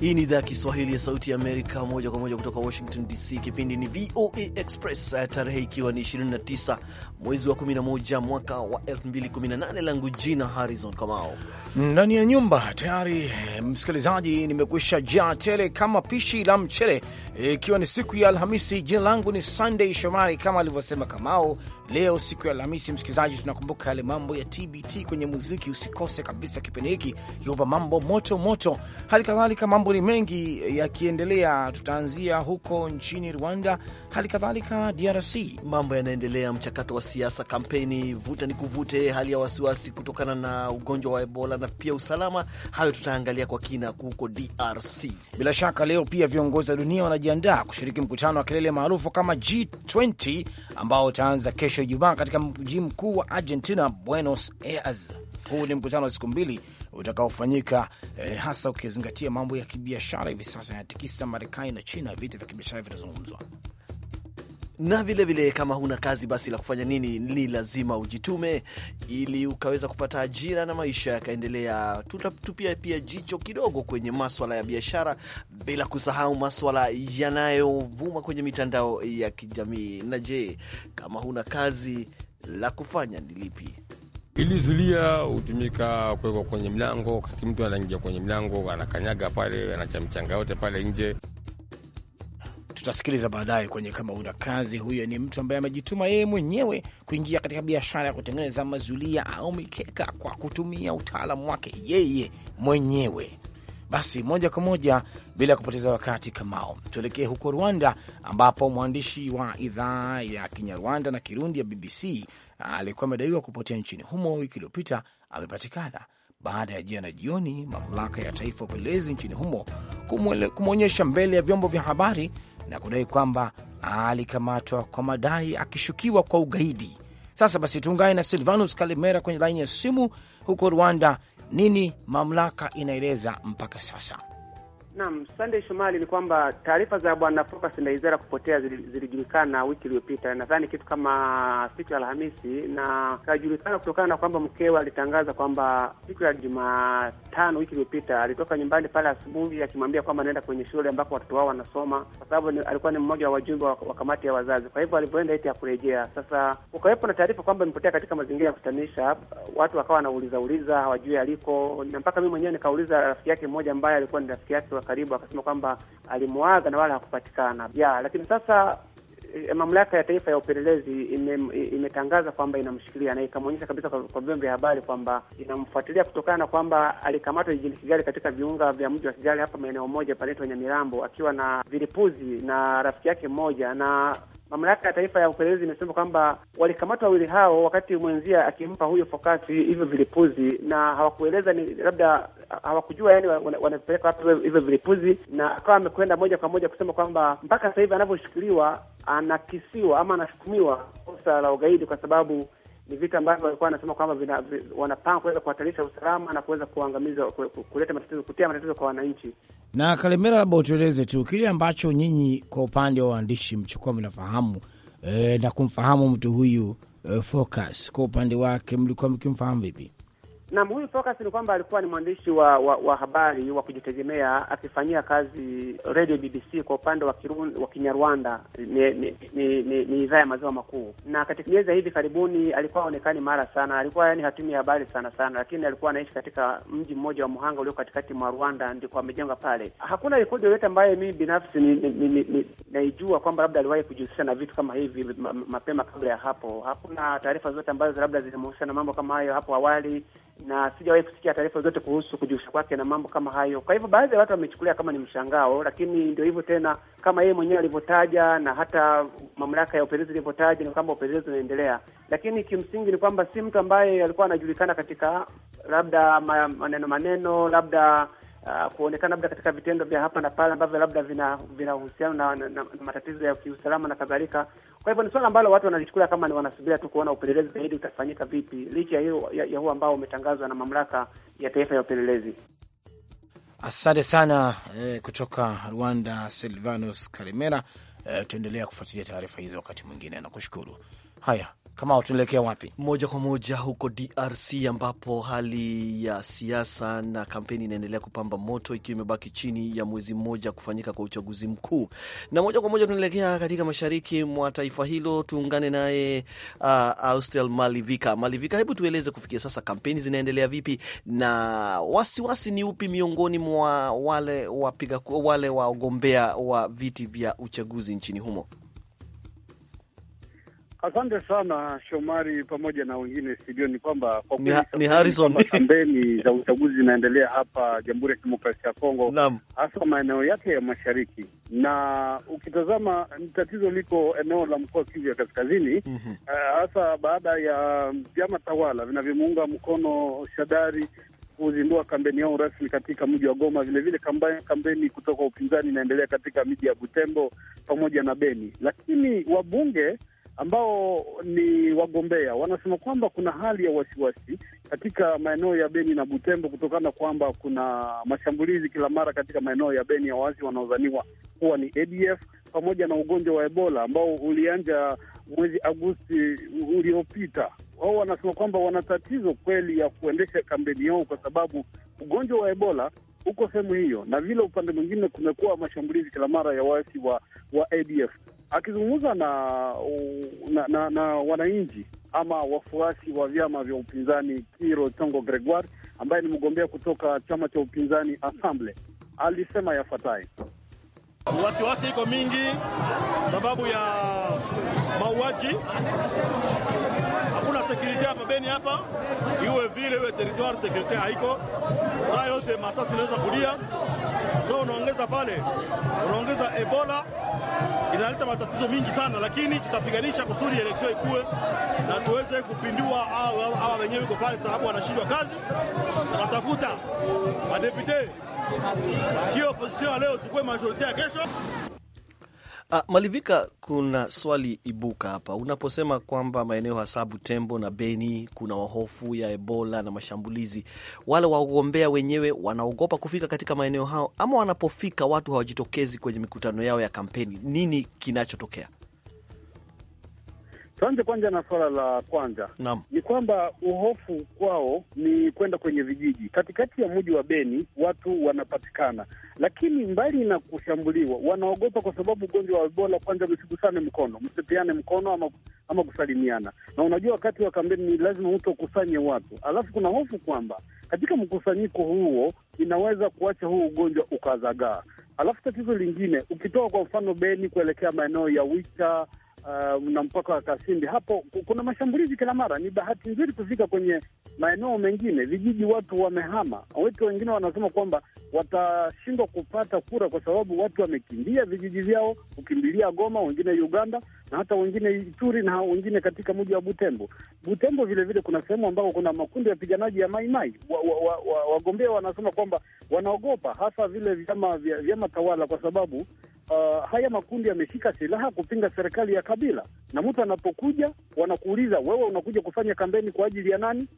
Hii ni idhaa ya Kiswahili ya Sauti ya Amerika, moja kwa moja kutoka Washington DC. Kipindi ni VOA Express, eh, tarehe ikiwa ni 29 mwezi wa 11 mwaka wa 2018. Langu jina Harrison Kamao. Ndani ya nyumba tayari, eh, msikilizaji, nimekwisha jaa tele kama pishi la mchele, eh, ikiwa e, ni siku ya Alhamisi. Jina langu ni Sunday Shomari, kama alivyosema Kamao leo siku ya Alhamisi. Msikilizaji, tunakumbuka yale mambo ya TBT kwenye muziki. Usikose kabisa kipindi hiki kiupa mambo moto moto. Hali kadhalika mambo ni mengi yakiendelea, tutaanzia huko nchini Rwanda, hali kadhalika DRC mambo yanaendelea, mchakato wa siasa, kampeni, vuta ni kuvute, hali ya wasiwasi kutokana na ugonjwa wa Ebola na pia usalama. Hayo tutaangalia kwa kina huko DRC. Bila shaka leo pia viongozi wa dunia wanajiandaa kushiriki mkutano wa kilele maarufu kama G20 ambao utaanza kesho kesho Ijumaa katika mji mkuu wa Argentina, Buenos Aires. Huu ni mkutano wa siku mbili utakaofanyika eh, hasa ukizingatia mambo ya kibiashara hivi sasa yanatikisa Marekani na China, vita vya kibiashara vitazungumzwa na vilevile kama huna kazi basi la kufanya nini, ni lazima ujitume ili ukaweza kupata ajira na maisha yakaendelea. Tutatupia pia jicho kidogo kwenye maswala ya biashara, bila kusahau maswala yanayovuma kwenye mitandao ya kijamii. Na je, kama huna kazi la kufanya ni lipi? Ili zulia hutumika kuwekwa kwenye mlango, wakati mtu anaingia kwenye mlango anakanyaga pale, anachamchanga yote pale nje tutasikiliza baadaye kwenye kama una kazi. Huyo ni mtu ambaye amejituma yeye mwenyewe kuingia katika biashara ya kutengeneza mazulia au mikeka kwa kutumia utaalamu wake yeye mwenyewe. Basi moja kwa moja bila kupoteza wakati, Kamao, tuelekee huko Rwanda ambapo mwandishi wa idhaa ya Kinyarwanda na Kirundi ya BBC ah, alikuwa amedaiwa kupotea nchini humo wiki iliyopita amepatikana baada ya jana jioni mamlaka ya taifa upelelezi nchini humo kumwonyesha mbele ya vyombo vya habari na kudai kwamba alikamatwa kwa madai akishukiwa kwa ugaidi. Sasa basi, tuungane na Silvanus Kalimera kwenye laini ya simu huko Rwanda. Nini mamlaka inaeleza mpaka sasa? Naam, Sunday Shomali, ni kwamba taarifa za bwana Focus Ndaizera kupotea zilijulikana wiki iliyopita, nadhani kitu kama siku ya Alhamisi, na kajulikana kutokana na kwamba mkewe alitangaza kwamba siku ya Jumatano wiki iliyopita alitoka nyumbani pale asubuhi akimwambia kwamba anaenda kwenye shule ambako watoto wao wanasoma, kwa sababu alikuwa ni mmoja wa wajumbe wa, kamati ya wazazi. Kwa hivyo alivyoenda eti ya kurejea sasa, ukawepo na taarifa kwamba imepotea katika mazingira ya kutanisha Watu wakawa wanauliza uliza, hawajui aliko, na mpaka mimi mwenyewe nikauliza rafiki yake mmoja ambaye alikuwa ni rafiki yake wa karibu akasema kwamba alimwaga na wala hakupatikana ya. Lakini sasa eh, mamlaka ya taifa ya upelelezi imetangaza ime kwamba inamshikilia na ikamwonyesha kabisa kwa vyombo vya habari kwamba inamfuatilia kutokana na kwamba alikamatwa jijini Kigali katika viunga vya mji wa Kigali hapa maeneo moja panaitwa Nyamirambo akiwa na vilipuzi na rafiki yake mmoja na Mamlaka ya Taifa ya Upelelezi imesema kwamba walikamata wawili hao wakati mwenzia akimpa huyo fokasi hivyo vilipuzi, na hawakueleza ni labda hawakujua yani wanapeleka wapi hivyo vilipuzi, na akawa amekwenda moja kwa moja kusema kwamba mpaka sasa hivi anavyoshikiliwa anakisiwa ama anashutumiwa kosa la ugaidi kwa sababu ni vitu ambavyo walikuwa wanasema kwamba wanapanga kuweza kuhatarisha usalama na kuweza kuangamiza, kuleta matatizo, kutia matatizo kwa wananchi. Na Kalemera, labda utueleze tu kile ambacho nyinyi kwa upande wa waandishi mchukua mnafahamu e, na kumfahamu mtu huyu e, Focus kwa upande wake mlikuwa mkimfahamu vipi? Naam, huyu Focus ni kwamba alikuwa ni mwandishi wa, wa, wa habari wa kujitegemea akifanyia kazi radio BBC kwa upande wa kiru, wa Kinyarwanda ni, ni, ni, ni, ni idhaa ya maziwa makuu, na katika miezi hivi karibuni alikuwa aonekani mara sana, alikuwa yani hatumii habari sana sana, lakini alikuwa anaishi katika mji mmoja wa Muhanga ulio katikati mwa Rwanda, ndiko amejenga pale. Hakuna rekodi yoyote ambayo mimi binafsi naijua kwamba labda aliwahi kujihusisha na vitu kama hivi mapema kabla ya hapo. Hakuna taarifa zote ambazo labda zilimhusisha na mambo kama hayo hapo awali na sijawahi kusikia taarifa zote kuhusu kujihusisha kwake na mambo kama hayo. Kwa hivyo baadhi ya watu wamechukulia kama ni mshangao, lakini ndio hivyo tena, kama yeye mwenyewe alivyotaja na hata mamlaka ya upelelezi ilivyotaja, ni kwamba upelelezi unaendelea, lakini kimsingi ni kwamba si mtu ambaye alikuwa anajulikana katika labda maneno maneno, labda uh, kuonekana labda katika vitendo vya hapa na pale ambavyo labda vinahusiana vina na, na, na, na matatizo ya kiusalama na kadhalika. Kwa hivyo ni swala ambalo watu wanalichukulia kama ni wanasubiria tu kuona upelelezi zaidi utafanyika vipi, licha ya, ya, ya huo ambao umetangazwa na mamlaka ya taifa ya upelelezi. Asante sana eh, kutoka Rwanda Silvanus Karimera. Eh, tuendelea kufuatilia taarifa hizo wakati mwingine, nakushukuru. Haya, kama tunaelekea wapi? Moja kwa moja huko DRC ambapo hali ya siasa na kampeni inaendelea kupamba moto ikiwa imebaki chini ya mwezi mmoja kufanyika kwa uchaguzi mkuu. Na moja kwa moja tunaelekea katika mashariki mwa taifa hilo, tuungane naye uh, Austel Malivika. Malivika, hebu tueleze kufikia sasa kampeni zinaendelea vipi na wasiwasi wasi ni upi miongoni mwa wale wapiga wale wagombea wa viti vya uchaguzi nchini humo? Asante sana Shomari pamoja na wengine Ni kwamba ni Harrison. Kampeni za uchaguzi zinaendelea hapa Jamhuri ya Kidemokrasia ya Kongo, hasa maeneo yake ya mashariki, na ukitazama tatizo liko eneo la mkoa Kivu ya Kaskazini, mm hasa -hmm. uh, baada ya vyama tawala vinavyomuunga mkono Shadari kuzindua kampeni yao rasmi katika mji wa Goma. Vilevile kampeni kutoka upinzani inaendelea katika miji ya Butembo pamoja na Beni, lakini wabunge ambao ni wagombea wanasema kwamba kuna hali ya wasiwasi katika maeneo ya Beni na Butembo kutokana kwamba kuna mashambulizi kila mara katika maeneo ya Beni ya waasi wanaodhaniwa kuwa ni ADF pamoja na ugonjwa wa Ebola ambao ulianja mwezi Agosti uliopita. Wao wanasema kwamba wana tatizo kweli ya kuendesha kampeni yao kwa sababu ugonjwa wa Ebola uko sehemu hiyo, na vile upande mwingine kumekuwa mashambulizi kila mara ya waasi wa, wa ADF. Akizungumza na, na, na, na wananchi ama wafuasi wa vyama vya upinzani, Kiro Tongo Gregoire ambaye ni mgombea kutoka chama cha upinzani Assemble alisema yafuatayo: wasiwasi iko mingi sababu ya mauaji, hakuna sekurite hapa Beni hapa, iwe vile iwe teritoire sekurite haiko saa yote, masasi inaweza kulia so unaongeza pale, unaongeza Ebola inaleta matatizo mingi sana, lakini tutapiganisha kusudi eleksion ikuwe na tuweze kupindua hawa wenyewe iko pale, sababu wanashindwa kazi, Tunatafuta madepute, sio opposition leo tukue majorite ya kesho. A, ah, Malivika, kuna swali ibuka hapa unaposema kwamba maeneo hasa Butembo na Beni kuna wahofu ya Ebola na mashambulizi. Wale wagombea wenyewe wanaogopa kufika katika maeneo hao, ama wanapofika watu hawajitokezi kwenye mikutano yao ya kampeni. Nini kinachotokea? Tuanze kwanza na swala la kwanza ni kwamba uhofu kwao ni kwenda kwenye vijiji katikati ya mji wa Beni, watu wanapatikana, lakini mbali na kushambuliwa, wanaogopa kwa sababu ugonjwa wa Ebola. Kwanza msigusane mkono, msipeane mkono ama, ama kusalimiana, na unajua wakati wa kampeni ni lazima mtu akusanye watu, alafu kuna hofu kwamba katika mkusanyiko huo inaweza kuacha huu ugonjwa ukazagaa. Alafu tatizo lingine, ukitoka kwa mfano Beni kuelekea maeneo ya Wicha uh, na mpaka wa Kasindi hapo kuna mashambulizi kila mara. Ni bahati nzuri kufika kwenye maeneo mengine, vijiji watu wamehama. Watu wengine wanasema kwamba watashindwa kupata kura kwa sababu watu wamekimbia vijiji vyao, kukimbilia Goma, wengine Uganda na hata wengine Ituri na wengine katika mji wa Butembo. Butembo vilevile vile kuna sehemu ambako kuna makundi ya wapiganaji ya maimai wagombea wa, wa, wa, wanasema kwamba wanaogopa hasa vile vyama, vyama tawala kwa sababu uh, haya makundi yameshika silaha kupinga serikali ya Kabila, na mtu anapokuja wanakuuliza wewe unakuja kufanya kampeni kwa ajili ya nani?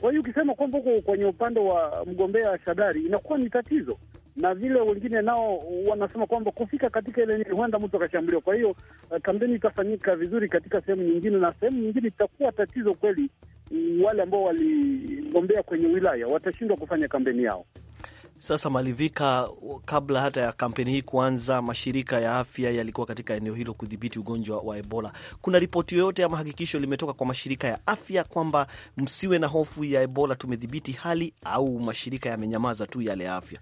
Kwa hiyo ukisema kwamba huko kwenye upande wa mgombea Shadari inakuwa ni tatizo, na vile wengine nao wanasema kwamba kufika katika ile nini, huenda mtu akashambuliwa. Kwa hiyo uh, kampeni itafanyika vizuri katika sehemu nyingine, na sehemu nyingine itakuwa tatizo kweli. Mm, wale ambao waligombea kwenye wilaya watashindwa kufanya kampeni yao. Sasa malivika, kabla hata ya kampeni hii kuanza, mashirika ya afya yalikuwa katika eneo hilo kudhibiti ugonjwa wa Ebola. Kuna ripoti yoyote ama hakikisho limetoka kwa mashirika ya afya kwamba msiwe na hofu ya Ebola, tumedhibiti hali, au mashirika yamenyamaza tu yale ya afya?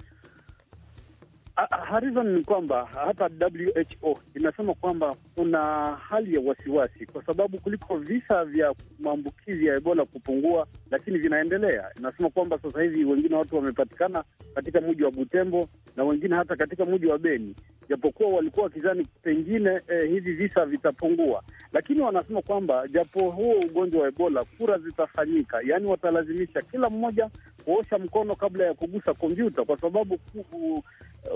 Ah, ah, Harizon ni kwamba hata WHO inasema kwamba kuna hali ya wasiwasi, kwa sababu kuliko visa vya maambukizi ya Ebola kupungua, lakini vinaendelea. Inasema kwamba sasa hivi wengine watu wamepatikana katika mji wa Butembo na wengine hata katika mji wa Beni, japokuwa walikuwa wakizani pengine eh, hivi visa vitapungua, lakini wanasema kwamba japo huo ugonjwa wa Ebola kura zitafanyika, yaani watalazimisha kila mmoja kuosha mkono kabla ya kugusa kompyuta, kwa sababu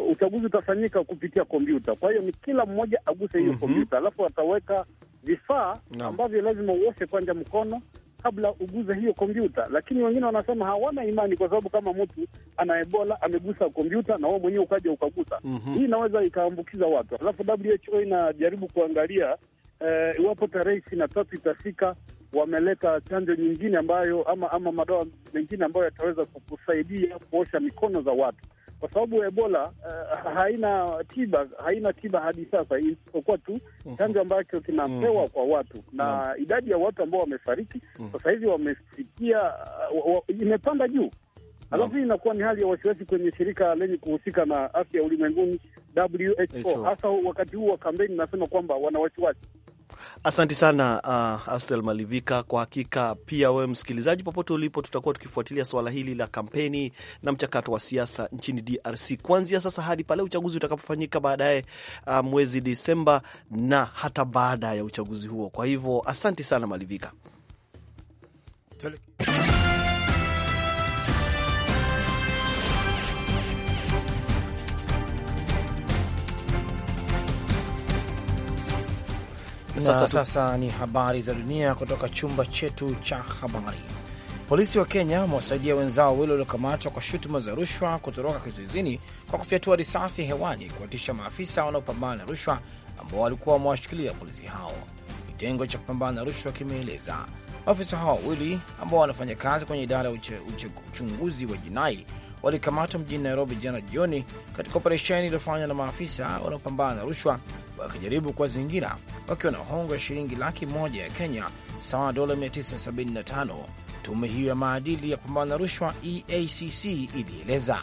uchaguzi utafanyika kupitia kompyuta. Kwa hiyo ni kila mmoja aguse hiyo mm -hmm. kompyuta, alafu ataweka vifaa no. ambavyo lazima uoshe kwanja mkono kabla uguze hiyo kompyuta. Lakini wengine wanasema hawana imani, kwa sababu kama mtu ana Ebola amegusa kompyuta na wewe mwenyewe ukaja ukagusa mm -hmm. hii inaweza ikaambukiza watu. Alafu WHO inajaribu kuangalia eh, iwapo eh, tarehe ishirini na tatu itafika wameleta chanjo nyingine ambayo ama ama madawa mengine ambayo yataweza kusaidia kuosha mikono za watu kwa sababu Ebola uh, haina tiba, haina tiba hadi sasa, isipokuwa tu mhm. chanjo ambacho kinapewa mhm. kwa watu na mhm. idadi ya watu ambao wamefariki sasa hivi wamefikia, uh, imepanda juu alafu hii inakuwa ni hali ya wasiwasi kwenye shirika lenye kuhusika na afya ulimwenguni WHO, hasa wakati huu wa kampeni, nasema kwamba wana wasiwasi Asante sana uh, Astel Malivika. Kwa hakika pia wewe msikilizaji, popote ulipo, tutakuwa tukifuatilia swala hili la kampeni na mchakato wa siasa nchini DRC kuanzia sasa hadi pale uchaguzi utakapofanyika baadaye uh, mwezi disemba na hata baada ya uchaguzi huo. Kwa hivyo asanti sana Malivika Tule. Na sasa, sasa ni habari za dunia kutoka chumba chetu cha habari. Polisi wa Kenya wamewasaidia wenzao wawili waliokamatwa kwa shutuma za rushwa kutoroka kizuizini kwa kufyatua risasi hewani kuwatisha maafisa wanaopambana na rushwa ambao walikuwa wamewashikilia polisi hao. Kitengo cha kupambana na rushwa kimeeleza maafisa hao wawili ambao wanafanya kazi kwenye idara ya uchunguzi wa jinai walikamatwa mjini Nairobi jana jioni katika operesheni iliyofanywa na maafisa wanaopambana na rushwa wakijaribu kuwazingira wakiwa na hongo ya shilingi laki moja ya Kenya sawa na dola 975. Tume hiyo ya maadili ya kupambana na rushwa EACC ilieleza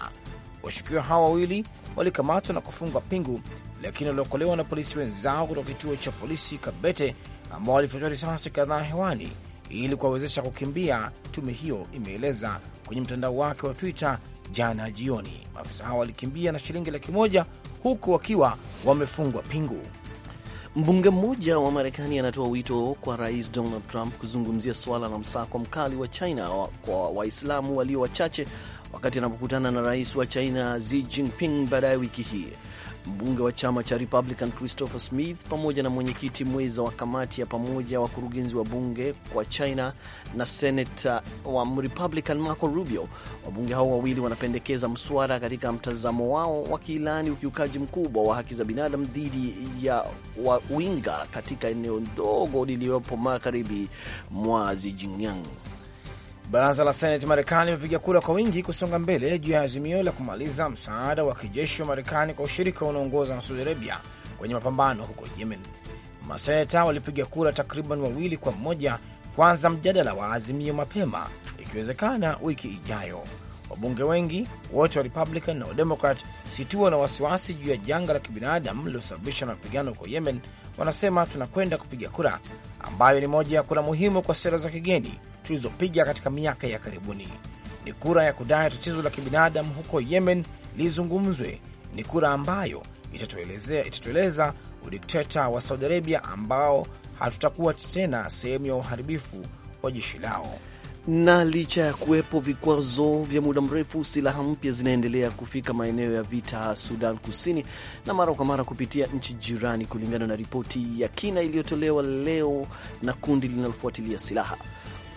washukiwa hawa wawili walikamatwa na kufungwa pingu, lakini waliokolewa na polisi wenzao kutoka kituo cha polisi Kabete, ambao walifyatua risasi kadhaa hewani ili kuwawezesha kukimbia. Tume hiyo imeeleza kwenye mtandao wake wa Twitter jana jioni, maafisa hao walikimbia na shilingi laki moja huku wakiwa wamefungwa pingu. Mbunge mmoja wa Marekani anatoa wito kwa Rais Donald Trump kuzungumzia suala la msako mkali wa China kwa Waislamu walio wachache wakati anapokutana na rais wa China Xi Jinping baadaye wiki hii. Mbunge wa chama cha Republican Christopher Smith pamoja na mwenyekiti mweza wa kamati ya pamoja wakurugenzi wa bunge kwa China na senata wa Republican Marco Rubio, wabunge hao wawili wanapendekeza mswada katika mtazamo wao wakiilani ukiukaji mkubwa wa haki za binadamu dhidi ya wawinga katika eneo ndogo lililopo magharibi mwa Xinjiang. Baraza la Seneti Marekani limepiga kura kwa wingi kusonga mbele juu ya azimio la kumaliza msaada wa kijeshi wa Marekani kwa ushirika unaoongoza na Saudi Arabia kwenye mapambano huko Yemen. Maseneta walipiga kura takriban wawili kwa mmoja kwanza mjadala wa azimio mapema, ikiwezekana wiki ijayo. Wabunge wengi wote wa Republican na Wademokrat situa na wasiwasi juu ya janga la kibinadamu lililosababishwa na mapigano huko Yemen wanasema tunakwenda kupiga kura ambayo ni moja ya kura muhimu kwa sera za kigeni tulizopiga katika miaka ya karibuni. Ni kura ya kudai tatizo la kibinadamu huko Yemen lizungumzwe. Ni kura ambayo itatueleza, itatueleza udikteta wa Saudi Arabia ambao hatutakuwa tena sehemu ya uharibifu wa jeshi lao. Na licha ya kuwepo vikwazo vya muda mrefu, silaha mpya zinaendelea kufika maeneo ya vita Sudan Kusini na mara kwa mara kupitia nchi jirani, kulingana na ripoti ya kina iliyotolewa leo na kundi linalofuatilia silaha.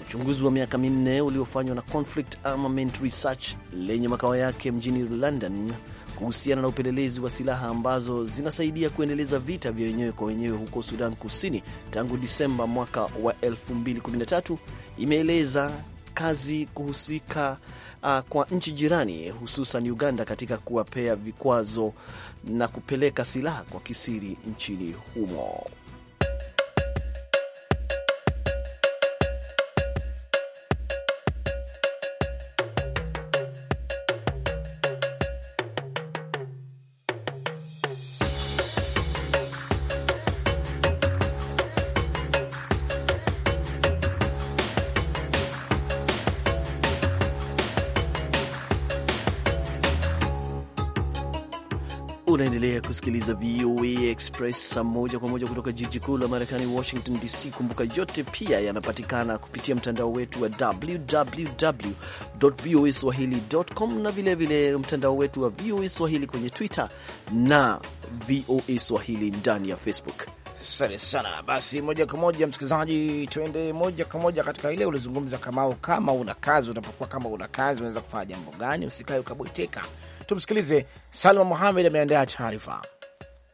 Uchunguzi wa miaka minne uliofanywa na Conflict Armament Research lenye makao yake mjini London kuhusiana na upelelezi wa silaha ambazo zinasaidia kuendeleza vita vya wenyewe kwa wenyewe huko Sudan Kusini tangu Disemba mwaka wa 2013 imeeleza kazi kuhusika uh, kwa nchi jirani hususan Uganda katika kuwapea vikwazo na kupeleka silaha kwa kisiri nchini humo. Unaendelea kusikiliza VOA Express moja kwa moja kutoka jiji kuu la Marekani, Washington DC. Kumbuka yote pia yanapatikana kupitia mtandao wetu wa www voa swahili.com na vilevile mtandao wetu wa VOA Swahili kwenye Twitter na VOA Swahili ndani ya Facebook. sante sana. Basi moja kwa moja msikilizaji, tuende moja kwa moja katika ile ulizungumza, Kamao, kama una kazi unapokuwa, kama una kazi unaweza kufanya jambo gani? Usikae ukabweteka Tumsikilize Salma Muhamed ameandaa taarifa.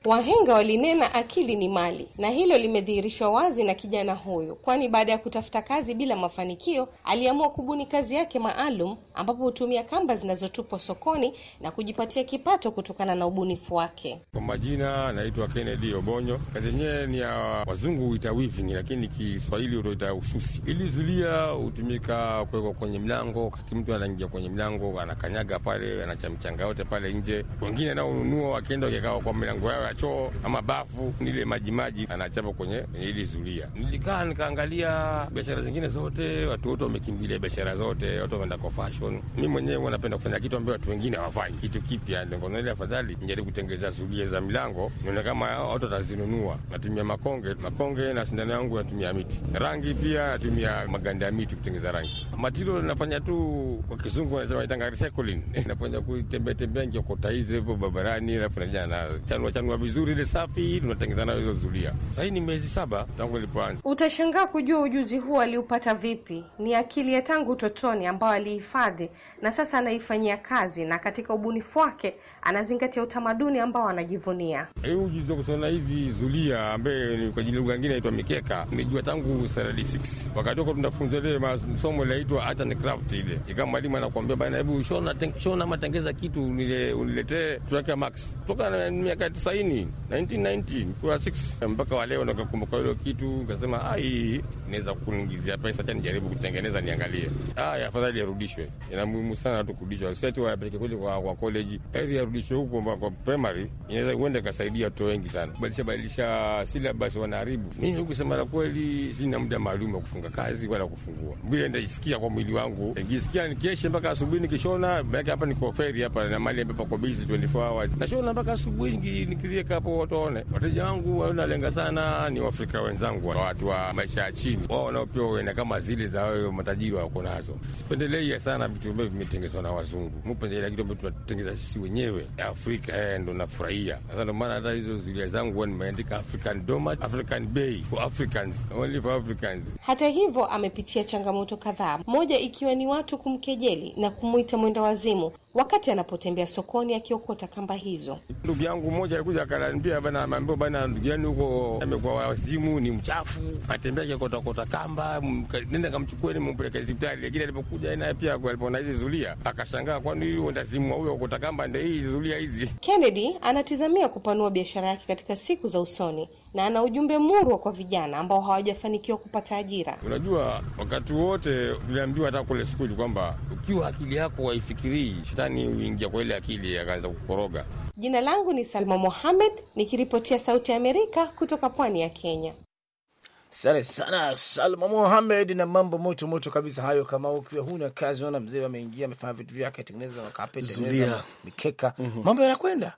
Wahenga walinena akili ni mali, na hilo limedhihirishwa wazi na kijana huyu, kwani baada ya kutafuta kazi bila mafanikio, aliamua kubuni kazi yake maalum, ambapo hutumia kamba zinazotupwa sokoni na kujipatia kipato kutokana na ubunifu wake. Kwa majina naitwa Kennedy Obonyo. Kazi yenyewe ni ya wazungu huita weaving, lakini Kiswahili utaita ususi. Ili zulia hutumika kuwekwa kwenye mlango, wakati mtu anaingia kwenye mlango, anakanyaga pale, anachamchanga yote pale nje. Wengine nao ununua, wakienda wakikaa kwa mlango choo ama bafu, nile majimaji anachapa kwenye kwenye ili zulia. Nilikaa nikaangalia biashara zingine zote, watu wote wamekimbilia biashara zote, watu wameenda kwa fashion. Mi mwenyewe napenda kufanya kitu ambayo watu wengine hawafanyi, kitu kipya. Ndokonali afadhali njaribu kutengeneza zulia za milango, nione kama watu watazinunua. Natumia makonge makonge na sindano yangu, natumia miti rangi, pia natumia maganda ya miti kutengeneza rangi. Matilo nafanya tu, kwa kizungu wanasema naitanga recycling, nafanya kutembea tembea nkiokota hizi hivo barabarani, alafu najana na chanua chanua vizuri ile safi, tunatengeneza nayo hizo zulia. Sasa ni miezi saba tangu ilipoanza. Utashangaa kujua ujuzi huu aliupata vipi. Ni akili ya tangu utotoni ambayo alihifadhi na sasa anaifanyia kazi, na katika ubunifu wake anazingatia utamaduni ambao anajivunia. Hii ujuzi wa kusona hizi zulia, ambaye ni kwa jina lugha nyingine inaitwa mikeka, nimejua tangu standard wakati huko tunafunzwa ile masomo inaitwa art and craft. Ile ikawa mwalimu anakuambia bana, hebu shona shona matengeza kitu uniletee, uniletee tuweke max toka miaka tisaini 1990 kwa 6 mpaka wa leo nikakumbuka hilo kitu, nikasema ai, naweza kuniingizia pesa, cha nijaribu kutengeneza niangalie. Haya, afadhali yarudishwe, ina muhimu sana watu kurudishwa, sati wapeleke wayapeleke kule kwa kwa college, ili yarudishwe huko kwa primary, inaweza uende kasaidia watoto wengi sana. Badilisha badilisha silabasi wanaharibu. Mimi nikusema la kweli, sina muda maalum wa kufunga kazi wala kufungua, vile ndaisikia kwa mwili wangu, nikisikia nikeshe mpaka asubuhi nikishona, maake hapa niko feri hapa na mali ambapo kwa busy 24 hours nashona mpaka asubuhi nikizi waridhika hapo, wataone. Wateja wangu wanalenga sana ni Waafrika wenzangu, watu wa maisha ya chini, wao wanaopewa wena kama zile za wayo matajiri wako nazo. Sipendelei sana vitu ambavyo vimetengezwa na wazungu, mupendelea kitu ambao tunatengeza sisi wenyewe Afrika, eh, ndo nafurahia sasa. Ndo maana hata hizo zulia zangu huwa nimeandika African Doma, African Bay for Africans, only for Africans. Hata hivyo amepitia changamoto kadhaa, moja ikiwa ni watu kumkejeli na kumwita mwenda wazimu wakati anapotembea sokoni akiokota kamba hizo. Ndugu yangu mmoja alikuja akalambia bana, mambo bana, ndugu yani huko amekuwa wazimu, ni mchafu, atembea akikotakota kamba, nenda ni mumpeleke hospitali. Lakini alipokuja naye pia alipoona hizi zulia akashangaa, kwani hiyo ndazimua huyo akota kamba, ndo hii zulia hizi. Kennedy anatizamia kupanua biashara yake katika siku za usoni na ana ujumbe murwa kwa vijana ambao hawajafanikiwa kupata ajira. Unajua, wakati wote tuliambiwa hata kule skuli kwamba ukiwa akili yako waifikirii, shetani huingia kwa ile akili akaanza kukoroga. Jina langu ni Salma Mohamed nikiripotia Sauti ya Amerika kutoka pwani ya Kenya. Sare sana Salma Mohamed na mambo moto moto kabisa hayo. Kama ukiwa huna kazi, unaona mzee ameingia, amefanya vitu vyake, tengeneza makapeti, tengeneza mikeka, mhm. mambo yanakwenda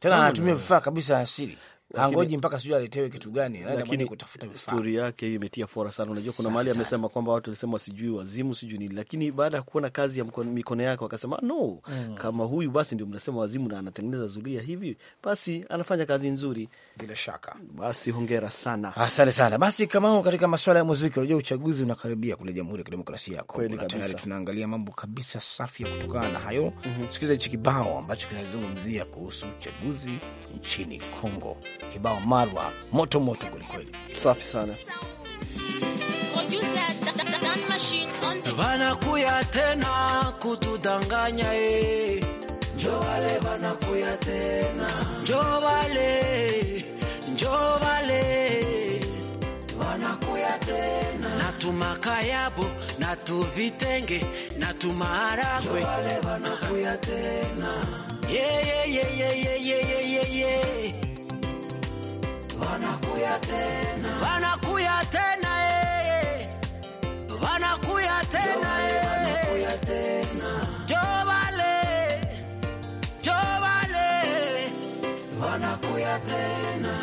tena, anatumia vifaa kabisa asili hangoji mpaka sijui aletewe kitu gani, anaenda kutafuta vifaa. Stori yake hiyo imetia fora sana. Unajua, kuna mahali amesema kwamba watu walisema sijui wazimu sijui nini, lakini baada ya kuona kazi ya mikono yake wakasema no, mm. kama huyu basi ndio mnasema wazimu na anatengeneza zulia hivi, basi anafanya kazi nzuri bila shaka. Basi hongera sana, asante sana. Basi kama katika masuala ya muziki, unajua uchaguzi unakaribia kule Jamhuri ya Kidemokrasia ya Kongo, tayari tunaangalia mambo kabisa safi ya kutokana na hayo. mm -hmm. Sikiliza hichi kibao ambacho kinazungumzia kuhusu uchaguzi nchini Kongo kibao Marwa moto moto kwelikweli, safi sana. Vanakuya tena kutudanganya e. Njo wale vanakuya tena. Njo wale, njo wale. Vanakuya tena. Na tumakayabo, na tuvitenge, na tumaharagwe. Njo wale vanakuya tena. Yeah, yeah, yeah, yeah, yeah, yeah, yeah, yeah wanakuya tena, wanakuya tena, eh, wanakuya tena, eh. wanakuya tena, jovale, jovale, wanakuya tena,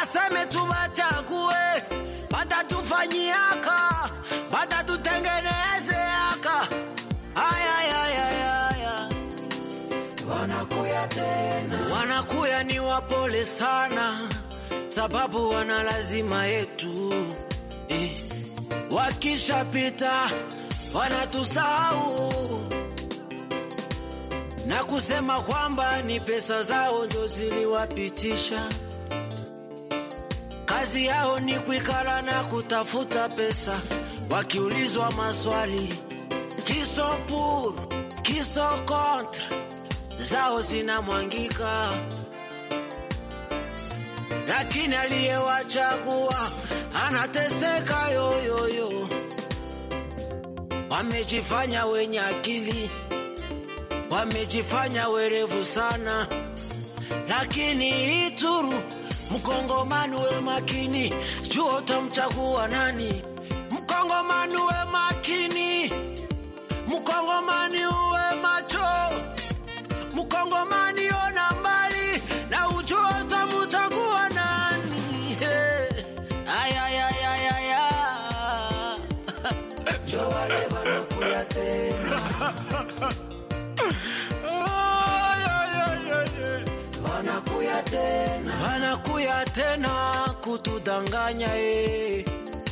aseme tubachague, batatufanyiaka, batatutengenezeaka, ayayayaya, wanakuya tena, wanakuya ni wapole sana sababu wana lazima yetu eh. Wakishapita wanatusahau na kusema kwamba ni pesa zao ndio ziliwapitisha. Kazi yao ni kuikala na kutafuta pesa, wakiulizwa maswali kiso pur kiso kontra zao zinamwangika lakini aliyewachagua anateseka yoyoyo. Wamejifanya wenye akili, wamejifanya werevu sana, lakini Ituru mkongomani we makini, jua utamchagua nani? Mkongomani we makini, mkongomani tena kutudanganya eh.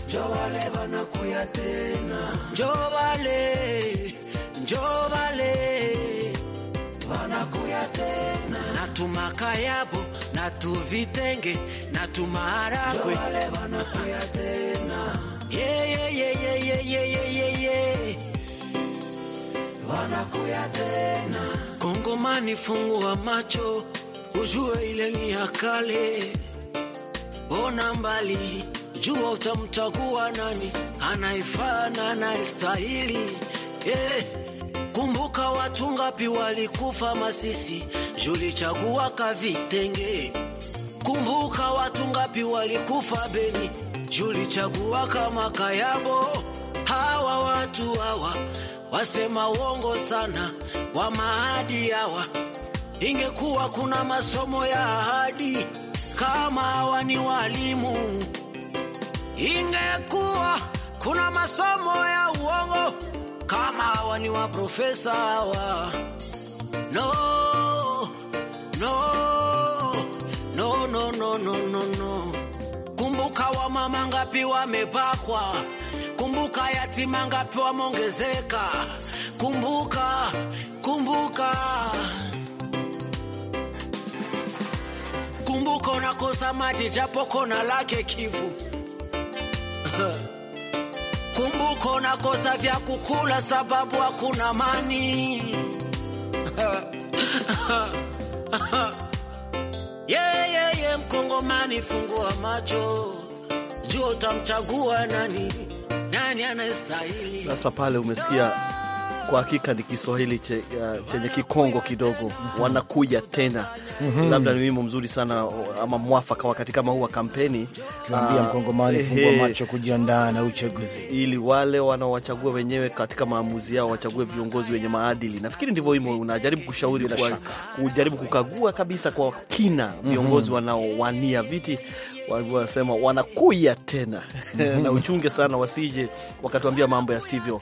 Njo wale tena, njo wale, njo tena na tumakayabo na tuvitenge na tumaharagwe wale wanakuya tena yeah, yeah, yeah, macho ujue ile ni ya kale ona mbali, jua utamtakuwa nani anayefaa na anayestahili. Eh, kumbuka watu ngapi walikufa Masisi, julichagua kavitenge. Kumbuka watu ngapi walikufa Beni, julichagua kama Kayabo. Hawa watu hawa wasema uongo sana, wa maadi hawa. Ingekuwa kuna masomo ya ahadi kama hawa ni walimu, ingekuwa kuna masomo ya uongo kama hawa ni waprofesa hawa. No, no, no, no, no, no, no. Kumbuka wamama ngapi wamepakwa Kumbuka yatima ngapi wamongezeka. Kumbuka, kumbuka na kosa maji japo kona lake Kivu. Kumbuka unakosa vya kukula sababu hakuna mani. Yeye yeah, yeah, Mkongomani, fungua macho, jua utamchagua nani, nani anastahili. Sasa pale umesikia kwa hakika ni Kiswahili chenye che, uh, kikongo kidogo mm -hmm. Wanakuja tena mm -hmm. Labda ni wimbo mzuri sana uh, ama mwafaka wakati kama huu wa kampeni tuambia ah, mkongomani uh, fungua eh. macho kujiandaa na uchaguzi, ili wale wanaowachagua wenyewe katika maamuzi yao wachague viongozi wenye maadili. Nafikiri ndivyo wimbo unajaribu kushauri kwa, kujaribu kukagua kabisa kwa kina mhm. viongozi mm -hmm. wanaowania viti wanasema wanakuya tena mhm. na uchunge sana wasije wakatuambia mambo yasivyo.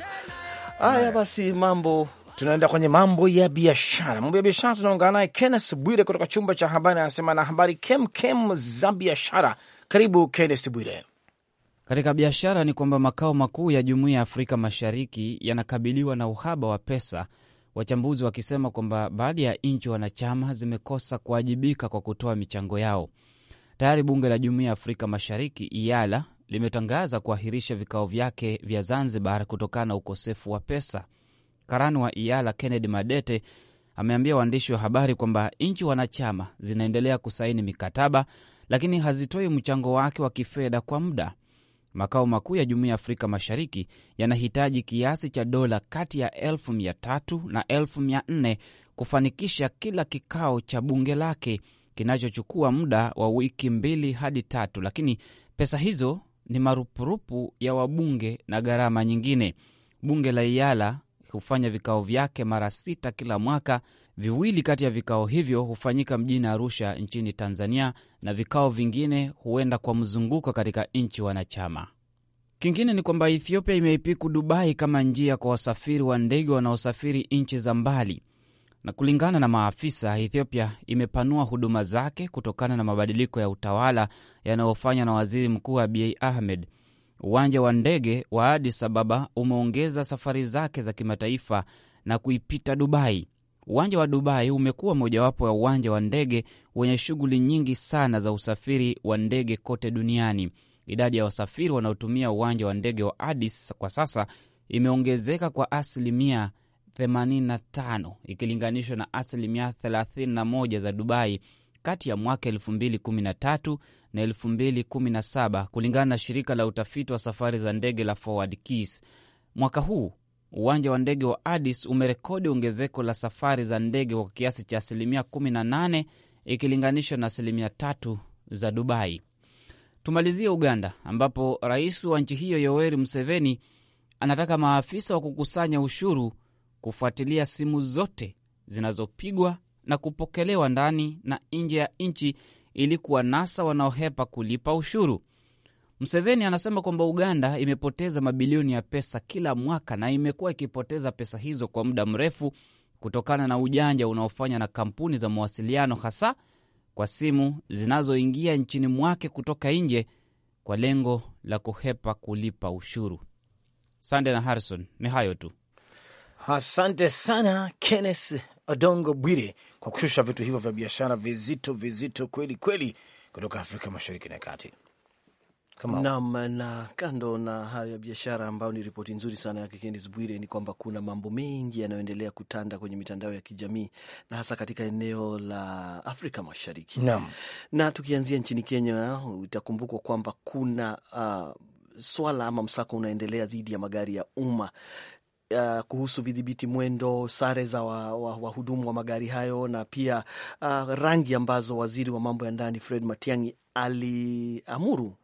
Haya basi, mambo tunaenda kwenye mambo ya biashara. Mambo ya biashara tunaongana naye Kennes Bwire kutoka chumba cha habari, anasema na habari kem za biashara. Karibu Kennes Bwire. Katika biashara ni kwamba makao makuu ya jumuiya ya Afrika Mashariki yanakabiliwa na uhaba wa pesa, wachambuzi wakisema kwamba baadhi ya nchi wanachama zimekosa kuwajibika kwa kutoa michango yao. Tayari bunge la jumuiya ya Afrika Mashariki IALA limetangaza kuahirisha vikao vyake vya Zanzibar kutokana na ukosefu wa pesa. Karani wa Iala Kennedy Madete ameambia waandishi wa habari kwamba nchi wanachama zinaendelea kusaini mikataba lakini hazitoi mchango wake wa kifedha kwa muda. Makao makuu ya Jumuiya ya Afrika Mashariki yanahitaji kiasi cha dola kati ya elfu mia tatu na elfu mia nne kufanikisha kila kikao cha bunge lake kinachochukua muda wa wiki mbili hadi tatu, lakini pesa hizo ni marupurupu ya wabunge na gharama nyingine. Bunge la iala hufanya vikao vyake mara sita kila mwaka. Viwili kati ya vikao hivyo hufanyika mjini Arusha nchini Tanzania, na vikao vingine huenda kwa mzunguko katika nchi wanachama. Kingine ni kwamba Ethiopia imeipiku Dubai kama njia kwa wasafiri wa ndege wanaosafiri nchi za mbali na kulingana na maafisa, Ethiopia imepanua huduma zake kutokana na mabadiliko ya utawala yanayofanywa na waziri mkuu Abiy Ahmed. Uwanja wa ndege wa Addis Ababa umeongeza safari zake za kimataifa na kuipita Dubai. Uwanja wa Dubai umekuwa mojawapo ya uwanja wa ndege wenye shughuli nyingi sana za usafiri wa ndege kote duniani. Idadi ya wasafiri wanaotumia uwanja wa ndege wa Addis kwa sasa imeongezeka kwa asilimia 85 ikilinganishwa na asilimia 31 za Dubai kati ya mwaka 2013 na 2017, kulingana na shirika la utafiti wa safari za ndege la Forward Keys. Mwaka huu uwanja wa ndege wa Addis umerekodi ongezeko la safari za ndege kwa kiasi cha asilimia 18 ikilinganishwa na asilimia 3 za Dubai. Tumalizie Uganda, ambapo rais wa nchi hiyo Yoweri Museveni anataka maafisa wa kukusanya ushuru kufuatilia simu zote zinazopigwa na kupokelewa ndani na nje ya nchi ili kuwanasa wanaohepa kulipa ushuru. mseveni anasema kwamba Uganda imepoteza mabilioni ya pesa kila mwaka na imekuwa ikipoteza pesa hizo kwa muda mrefu kutokana na ujanja unaofanya na kampuni za mawasiliano, hasa kwa simu zinazoingia nchini mwake kutoka nje kwa lengo la kuhepa kulipa ushuru. Sande na Harrison, ni hayo tu. Asante sana Kennes Odongo Bwire kwa kushusha vitu hivyo vya biashara vizito vizito kweli kweli kutoka Afrika Mashariki na Kati. Naam, na kando na hayo ya biashara ambayo ni ripoti nzuri sana ya Kikenis Bwire, ni kwamba kuna mambo mengi yanayoendelea kutanda kwenye mitandao ya kijamii na hasa katika eneo la Afrika Mashariki. Naam. Na tukianzia nchini Kenya, itakumbukwa kwamba kuna uh, swala ama msako unaendelea dhidi ya magari ya umma uh, kuhusu vidhibiti mwendo, sare za wahudumu wa, wa magari hayo na pia uh, rangi ambazo waziri wa mambo ya ndani Fred Matiang'i aliamuru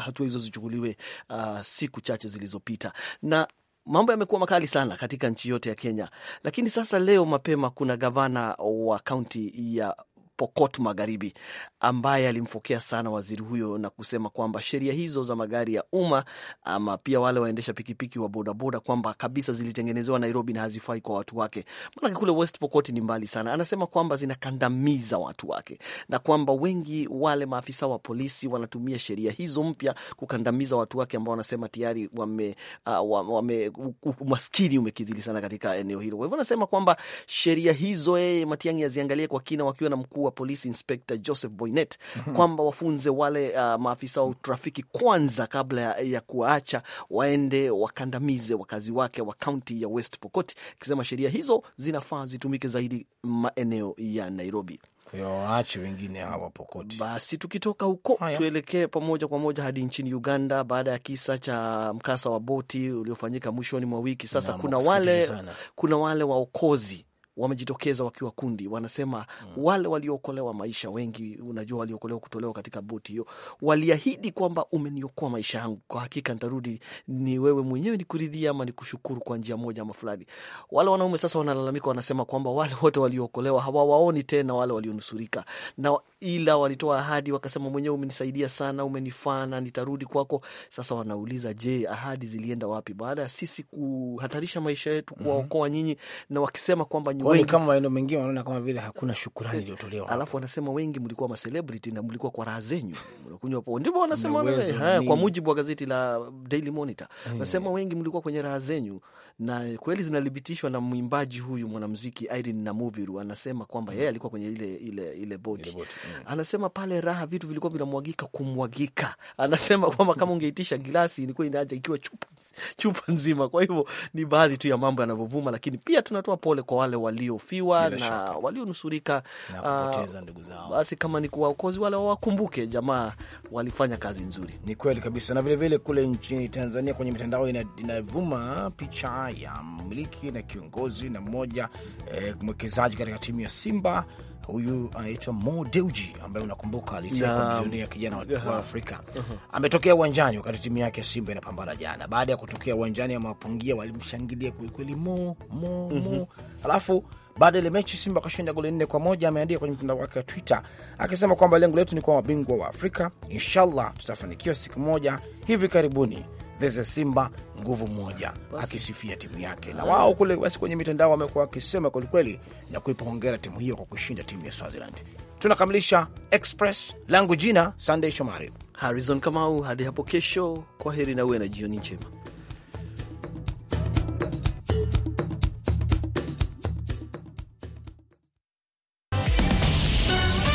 hatua hizo zichukuliwe uh, siku chache zilizopita na mambo yamekuwa makali sana katika nchi yote ya Kenya, lakini sasa leo mapema kuna gavana wa kaunti ya Pokot Magharibi, ambaye alimfokea sana waziri huyo na kusema kwamba sheria hizo za magari ya umma ama pia wale waendesha pikipiki wa bodaboda kwamba kabisa zilitengenezewa Nairobi na hazifai kwa watu wake, maanake kule West Pokot ni mbali sana. Anasema kwamba zinakandamiza watu wake na kwamba wengi wale maafisa wa polisi wanatumia sheria hizo mpya kukandamiza watu wake ambao wanasema tayari wame, uh, wame umaskini umekidhili sana katika eneo hilo. Kwa hivyo anasema kwamba sheria hizo yeye eh, Matiang'i aziangalie kwa kina wakiwa na mkuu wa polisi Inspekta Joseph Boynet mhm. kwamba wafunze wale uh, maafisa wa trafiki kwanza kabla ya kuwaacha waende wakandamize wakazi wake wa kaunti ya West Pokot, akisema sheria hizo zinafaa zitumike zaidi maeneo ya Nairobi. Waache wengine hawa Pokoti. Basi tukitoka huko tuelekee pamoja kwa moja hadi nchini Uganda, baada ya kisa cha mkasa wa boti uliofanyika mwishoni mwa wiki. Sasa kuna wale kuna wale waokozi wamejitokeza wakiwa kundi, wanasema mm. wale waliookolewa maisha, wengi unajua, waliokolewa kutolewa katika boti hiyo, waliahidi kwamba umeniokoa maisha yangu, kwa hakika nitarudi, ni wewe mwenyewe nikuridhia ama nikushukuru kwa njia moja ama fulani. Wale wanaume sasa wanalalamika, wanasema kwamba wale wote waliookolewa hawawaoni tena wale walionusurika na ila walitoa ahadi wakasema, mwenyewe umenisaidia sana, umenifana, nitarudi kwako. Sasa wanauliza, je, ahadi zilienda wapi baada ya sisi kuhatarisha maisha yetu mhm. kuwaokoa mm -hmm. nyinyi? Na wakisema kwamba ni wengi, kama maeneo mengine wanaona kama vile hakuna shukrani iliyotolewa, alafu wanasema wengi mlikuwa ma celebrity na mlikuwa kwa raha zenyu mnakunywa pombe, ndivyo wanasema haya, kwa mujibu wa gazeti la Daily Monitor. Eh. Nasema wengi mlikuwa kwenye raha zenyu, na kweli zinalibitishwa na mwimbaji huyu mwanamuziki Irene Namubiru, anasema kwamba mm. yeye alikuwa kwenye ile ile ile boti, ile boti. Mm. Anasema pale raha, vitu vilikuwa vinamwagika kumwagika. Anasema kwamba kama ungeitisha gilasi ilikuwa inaja ikiwa chupa, chupa nzima. Kwa hivyo ni baadhi tu ya mambo yanavyovuma, lakini pia tunatoa pole kwa wale waliofiwa na walionusurika ah, Basi kama ni kuwaokozi wale wawakumbuke, jamaa walifanya kazi nzuri. Ni kweli kabisa. Na vilevile vile kule nchini Tanzania kwenye mitandao inavuma ina picha ya mmiliki na kiongozi na mmoja eh, mwekezaji katika timu ya Simba huyu anaitwa Mo Dewji ambaye unakumbuka alicheza milioni ya kijana wa Afrika. uh -huh. Ametokea uwanjani wakati timu yake Simba inapambana jana. Baada ya kutokea uwanjani, amewapungia walimshangilia kwelikweli Mo Mo mhm. Mo. uh -huh. Alafu baada ile mechi Simba akashinda goli nne kwa moja. Ameandika kwenye mtandao wake wa Twitter akisema kwamba lengo letu ni kuwa mabingwa wa Afrika, inshallah tutafanikiwa siku moja hivi karibuni. Veze Simba nguvu moja, akisifia timu yake. Na wao kule basi kwenye mitandao wamekuwa wakisema kwelikweli na kuipa timu hiyo kwa kushinda timu ya Swaziland. Tunakamilisha Express langu jina sandey Shomari Harrison Kamau. Hadi hapo kesho, kwa heri na uwe na jioni njema.